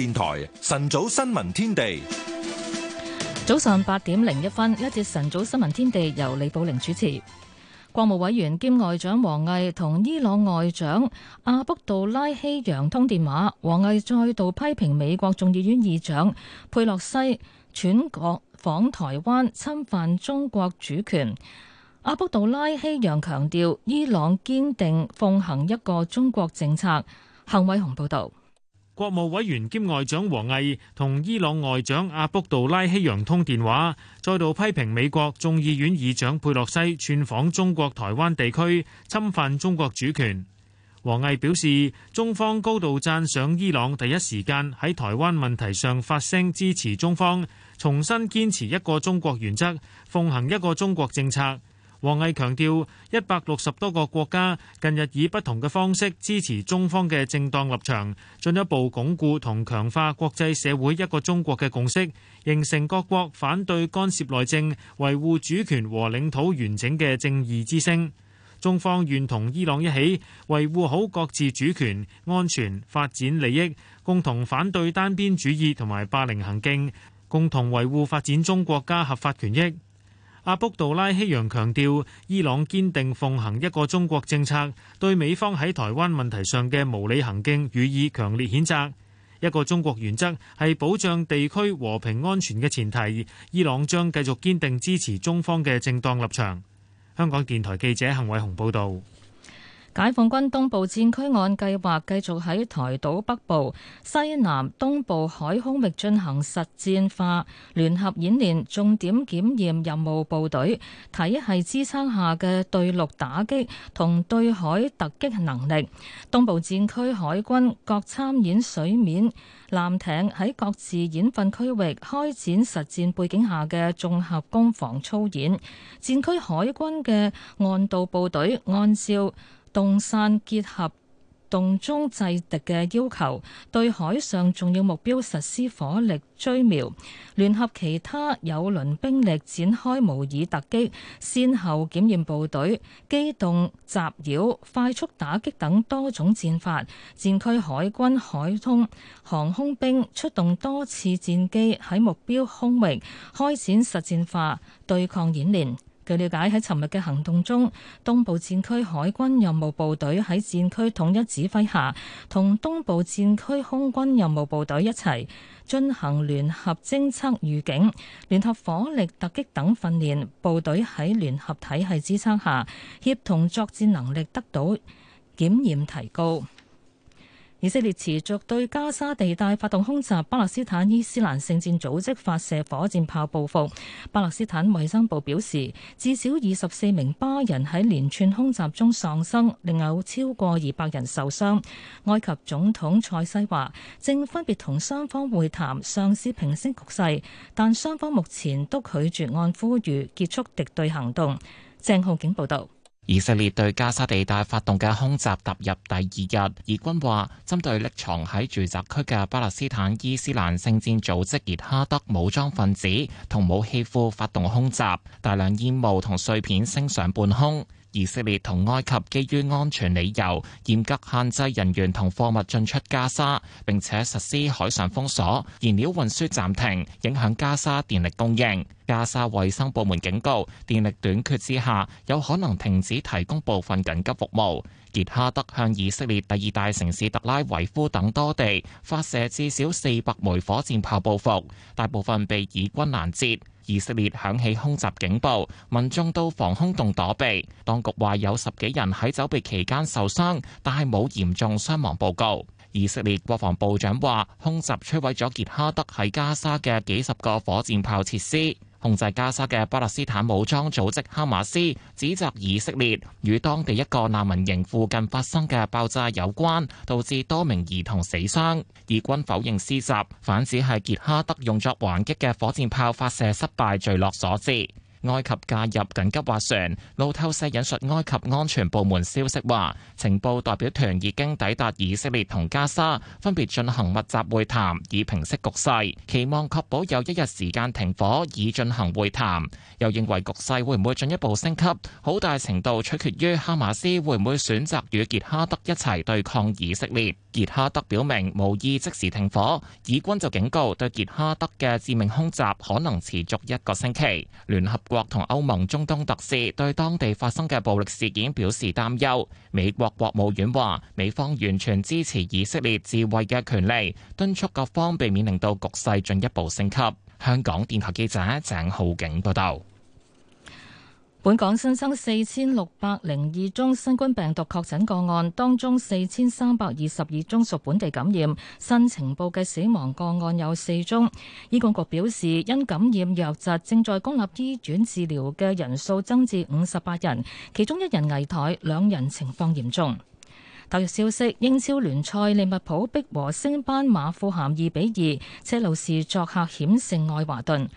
電台晨早新聞天地，早上八點零一分，一節晨早新聞天地由李寶玲主持。國務委員兼外長王毅同伊朗外長阿卜杜拉希揚通電話，王毅再度批評美國眾議院議長佩洛西全國訪台灣，侵犯中國主權。阿卜杜拉希揚強調，伊朗堅定奉行一個中國政策。彭偉雄報道。國務委員兼外長王毅同伊朗外長阿卜杜拉希揚通電話，再度批評美國眾議院議長佩洛西竄訪中國台灣地區，侵犯中國主權。王毅表示，中方高度贊賞伊朗第一時間喺台灣問題上發聲，支持中方，重新堅持一個中國原則，奉行一個中國政策。王毅強調，一百六十多個國家近日以不同嘅方式支持中方嘅正當立場，進一步鞏固同強化國際社會一個中國嘅共識，形成各國反對干涉內政、維護主權和領土完整嘅正義之聲。中方願同伊朗一起維護好各自主權、安全、發展利益，共同反對單邊主義同埋霸凌行徑，共同維護發展中國家合法權益。阿卜杜拉希揚強調，伊朗堅定奉行一個中國政策，對美方喺台灣問題上嘅無理行徑予以強烈譴責。一個中國原則係保障地區和平安全嘅前提，伊朗將繼續堅定支持中方嘅正當立場。香港電台記者幸偉雄報道。解放軍東部戰區按計劃繼續喺台島北部、西南、東部海空域進行實戰化聯合演練，重點檢驗任務部隊體系支撐下嘅對陸打擊同對海突擊能力。東部戰區海軍各參演水面艦艇喺各自演訓區域開展實戰背景下嘅綜合攻防操演。戰區海軍嘅岸導部隊按照動散結合、動中制敵嘅要求，對海上重要目標實施火力追瞄，聯合其他有輪兵力展開模擬突擊，先後檢驗部隊、機動襲擾、快速打擊等多種戰法。戰區海軍、海通、航空兵出動多次戰機喺目標空域開展實戰化對抗演練。據了解，喺尋日嘅行動中，東部戰區海軍任務部隊喺戰區統一指揮下，同東部戰區空軍任務部隊一齊進行聯合偵測、預警、聯合火力突擊等訓練，部隊喺聯合體系支撐下，協同作戰能力得到檢驗提高。以色列持續對加沙地帶發動空襲，巴勒斯坦伊斯蘭聖戰組織發射火箭炮報復。巴勒斯坦衛生部表示，至少二十四名巴人喺連串空襲中喪生，另有超過二百人受傷。埃及總統塞西話，正分別同雙方會談，嘗試平息局勢，但雙方目前都拒絕按呼籲結束敵對行動。鄭浩景報導。以色列對加沙地帶發動嘅空襲踏入第二日，以軍話針對匿藏喺住宅區嘅巴勒斯坦伊斯蘭聖戰組織傑哈德武裝分子同武器庫發動空襲，大量煙霧同碎片升上半空。以色列同埃及基於安全理由，嚴格限制人員同貨物進出加沙，並且實施海上封鎖、燃料運輸暫停，影響加沙電力供應。加沙衛生部門警告，電力短缺之下，有可能停止提供部分緊急服務。傑哈德向以色列第二大城市特拉維夫等多地發射至少四百枚火箭炮報復，大部分被以軍攔截。以色列響起空襲警報，民眾到防空洞躲避。當局話有十幾人喺走避期間受傷，但係冇嚴重傷亡報告。以色列國防部長話，空襲摧毀咗傑哈德喺加沙嘅幾十個火箭炮設施。控制加沙嘅巴勒斯坦武裝組織哈馬斯指責以色列與當地一個難民營附近發生嘅爆炸有關，導致多名兒童死傷，以軍否認施襲，10，反指係傑哈德用作還擊嘅火箭炮發射失敗墜落所致。埃及介入緊急畫船，路透社引述埃及安全部門消息話，情報代表團已經抵達以色列同加沙，分別進行密集會談，以平息局勢。期望確保有一日時間停火，以進行會談。又認為局勢會唔會進一步升級，好大程度取決於哈馬斯會唔會選擇與傑哈德一齊對抗以色列。傑哈德表明無意即時停火，以軍就警告對傑哈德嘅致命空襲可能持續一個星期。聯合國同歐盟中東特使對當地發生嘅暴力事件表示擔憂。美國國務院話，美方完全支持以色列自衛嘅權利，敦促各方避免令到局勢進一步升級。香港電台記者鄭浩景報道。本港新增四千六百零二宗新冠病毒確診個案，當中四千三百二十二宗屬本地感染。新呈報嘅死亡個案有四宗。醫管局表示，因感染藥疾正在公立醫院治療嘅人數增至五十八人，其中一人危殆，兩人情況嚴重。特約消息：英超聯賽利物浦逼和升班馬富咸二比二，車路士作客險勝愛華頓。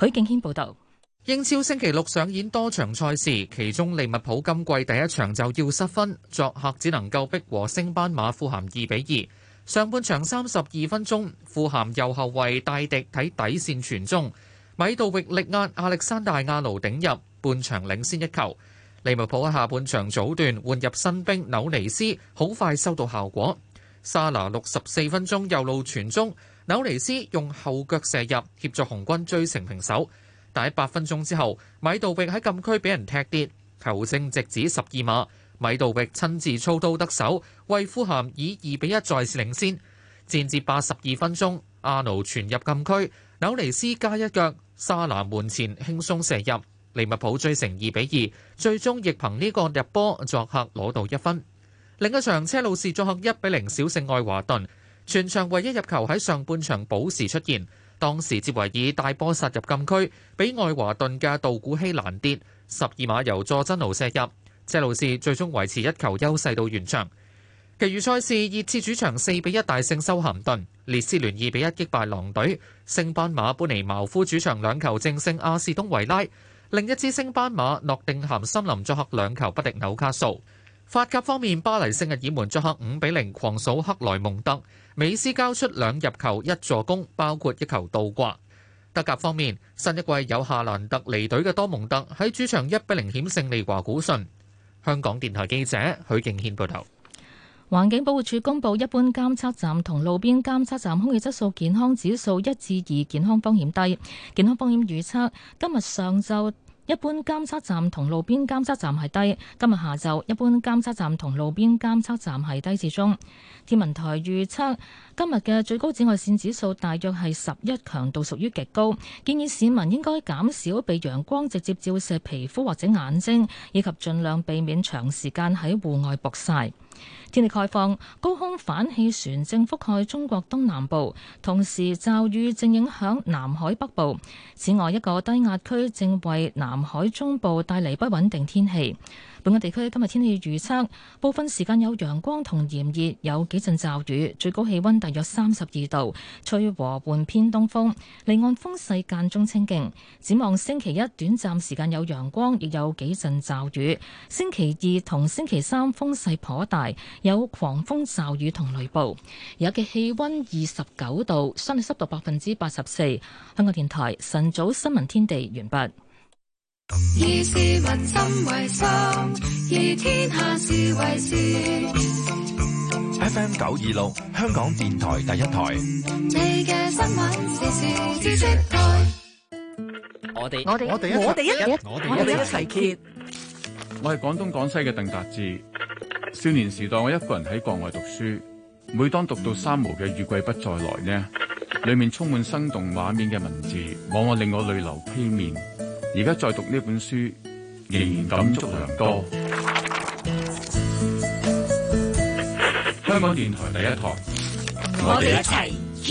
許敬軒報道。英超星期六上演多場賽事，其中利物浦今季第一場就要失分，作客只能夠逼和升班馬富咸二比二。上半場三十二分鐘，富咸右後衞戴迪喺底線傳中，米杜域力壓亞歷山大亞奴頂入，半場領先一球。利物浦喺下半場早段換入新兵紐尼斯，好快收到效果。沙拿六十四分鐘右路傳中，紐尼斯用後腳射入，協助紅軍追成平手。踏八分鐘之後，米道域喺禁區俾人踢跌，球證直指十二碼，米道域親自操刀得手，為富咸以二比一再次領先。戰至八十二分鐘，阿奴傳入禁區，紐尼斯加一腳，沙拿門前輕鬆射入，利物浦追成二比二，最終亦憑呢個入波作客攞到一分。另一場車路士作客一比零小勝愛華頓，全場唯一入球喺上半場補時出現。當時哲維爾大波殺入禁區，俾愛華頓嘅道古希攔跌，十二碼由佐真奴射入，車路士最終維持一球優勢到完場。其餘賽事，熱刺主場四比一大勝修咸頓，列斯聯二比一擊敗狼隊，升班馬搬尼茅夫主場兩球淨勝阿士東維拉，另一支升班馬諾定咸森林作客兩球不敵紐卡素。法甲方面，巴黎聖日耳門作客五比零狂掃克萊蒙特，美斯交出兩入球一助攻，包括一球倒掛。德甲方面，新一季有夏蘭特離隊嘅多蒙特喺主場一比零險勝利華古遜。香港電台記者許敬軒報道。環境保護署公布一般監測站同路邊監測站空氣質素健康指數一至二，健康風險低，健康風險預測今日上晝。一般監測站同路邊監測站係低，今日下晝一般監測站同路邊監測站係低至中。天文台預測今日嘅最高紫外線指數大約係十一，強度屬於極高，建議市民應該減少被陽光直接照射皮膚或者眼睛，以及盡量避免長時間喺戶外曝曬。天氣開放，高空反氣旋正覆蓋中國東南部，同時驟雨正影響南海北部。此外，一個低壓區正為南海中部帶來不穩定天氣。本港地區今日天氣預測，部分時間有陽光同炎熱，有幾陣驟雨，最高氣温大約三十二度，吹和緩偏東風，離岸風勢間中清勁。展望星期一，短暫時間有陽光，亦有幾陣驟雨。星期二同星期三風勢頗大，有狂風驟雨同雷暴，現在氣温二十九度，相對濕度百分之八十四。香港電台晨早新聞天地完畢。以市民心為心，以天下事為事。FM 九二六，香港電台第一台。你嘅新聞時事知識台。我哋我哋我哋一我哋們一齊揭。我係廣東廣西嘅鄧達志。少年時代我一個人喺國外讀書，每當讀到三毛嘅《雨季不再來》呢，裏面充滿生動畫面嘅文字，往往令我淚流披面。而家再讀呢本書，仍然感觸良多。 香港電台第一台， 我哋一齊見。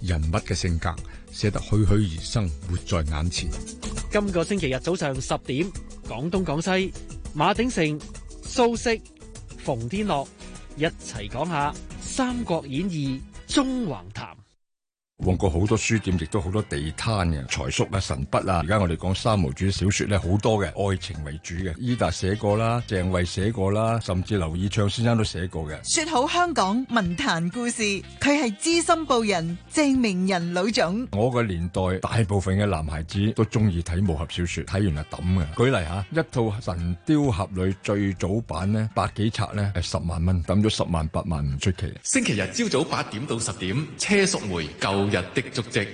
人物嘅性格寫得栩栩如生，活在眼前。今個星期日早上十點，廣東廣西馬鼎盛、蘇軾、馮天樂一齊講下《三國演義》中橫談。旺角好多書店，亦都好多地攤嘅財叔啊、神筆啊。而家我哋講三毛主小說咧，好多嘅愛情為主嘅。伊達寫過啦，鄭慧寫過啦，甚至劉以暢先生都寫過嘅。說好香港文壇故事，佢係資深報人鄭明仁老總。我嘅年代，大部分嘅男孩子都中意睇武俠小說，睇完啊抌嘅。舉例吓，一套神雕俠侶最早版呢，百幾冊呢，係十萬蚊，抌咗十萬八萬唔出奇。星期日朝早八點到十點，車淑梅舊。今日的足跡。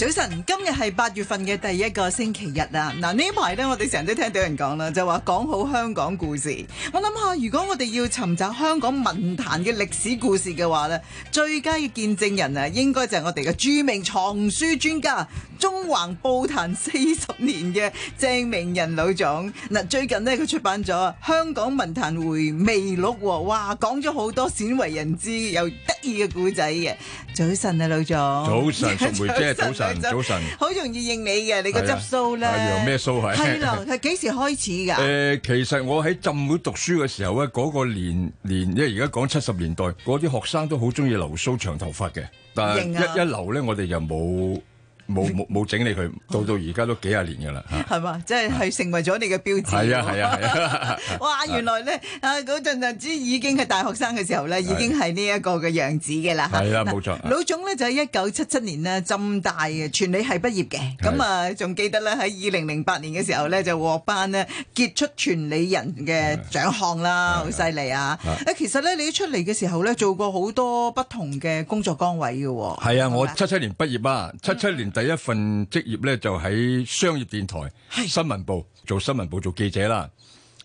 早晨，今日係八月份嘅第一個星期日啊！嗱，呢排咧我哋成日都聽到人講啦，就話講好香港故事。我諗下，如果我哋要尋找香港文壇嘅歷史故事嘅話咧，最佳嘅見證人啊，應該就係我哋嘅著名藏書專家、中環報壇四十年嘅鄭明仁老總。嗱，最近呢，佢出版咗《香港文壇回味錄》，哇，講咗好多鮮為人知又得意嘅故仔嘅。早晨啊，老總。早晨，淑梅姐，早晨。早晨。早晨，好 容易認你嘅，啊、你個執鬚咧，又咩鬚係？係咯，係幾時開始噶？誒、呃，其實我喺浸會讀書嘅時候咧，嗰、那個年年，因為而家講七十年代，嗰啲學生都好中意留鬚長頭髮嘅，但係一的一留咧，我哋就冇。冇冇整理佢，到到而家都幾十年㗎啦，係嘛？即係係成為咗你嘅標誌。係啊係啊！啊。哇，原來咧啊嗰陣就知已經係大學生嘅時候咧，已經係呢一個嘅樣子嘅啦。係啦，冇錯。老總咧就喺一九七七年呢，浸大嘅傳理系畢業嘅，咁啊仲記得咧喺二零零八年嘅時候咧就獲頒呢，傑出傳理人嘅獎項啦，好犀利啊！誒，其實咧你出嚟嘅時候咧做過好多不同嘅工作崗位嘅喎。係啊，我七七年畢業啊，七七年。第一份職業咧就喺商業電台新聞部做新聞部做記者啦，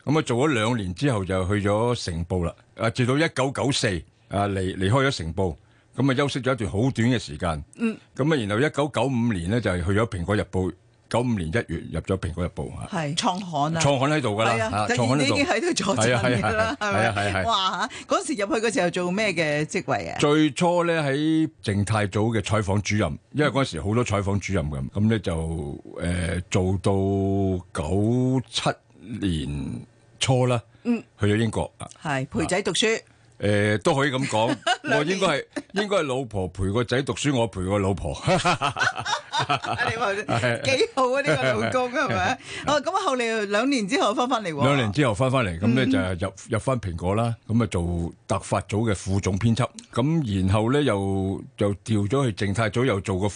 咁啊做咗兩年之後就去咗成報啦，啊直到一九九四啊離離開咗成報，咁啊休息咗一段好短嘅時間，嗯，咁啊然後一九九五年咧就去咗蘋果日報。九五年一月入咗《蘋果日報》啊，是創刊啊，創刊喺度噶啦，啊、創刊喺度，你已經喺度做創業啦，係咪、啊？哇嚇！嗰時入去嗰時候做咩嘅職位啊？最初咧喺靜態組嘅採訪主任，因為嗰時好多採訪主任咁，咁咧就誒、呃、做到九七年初啦，嗯，去咗英國，係、嗯啊、陪仔讀書。誒、呃，都可以咁講， 兩年 我應該係應該係老婆陪個仔讀書，我陪個老婆。你話幾好啊呢、這個老公係咪？哦，咁 啊，後嚟兩年之後翻翻嚟，兩年之後翻翻嚟，咁咧就係入入翻蘋果啦，咁、嗯、啊做特發組嘅副總編輯，咁然後咧又又調咗去靜態組，又做個。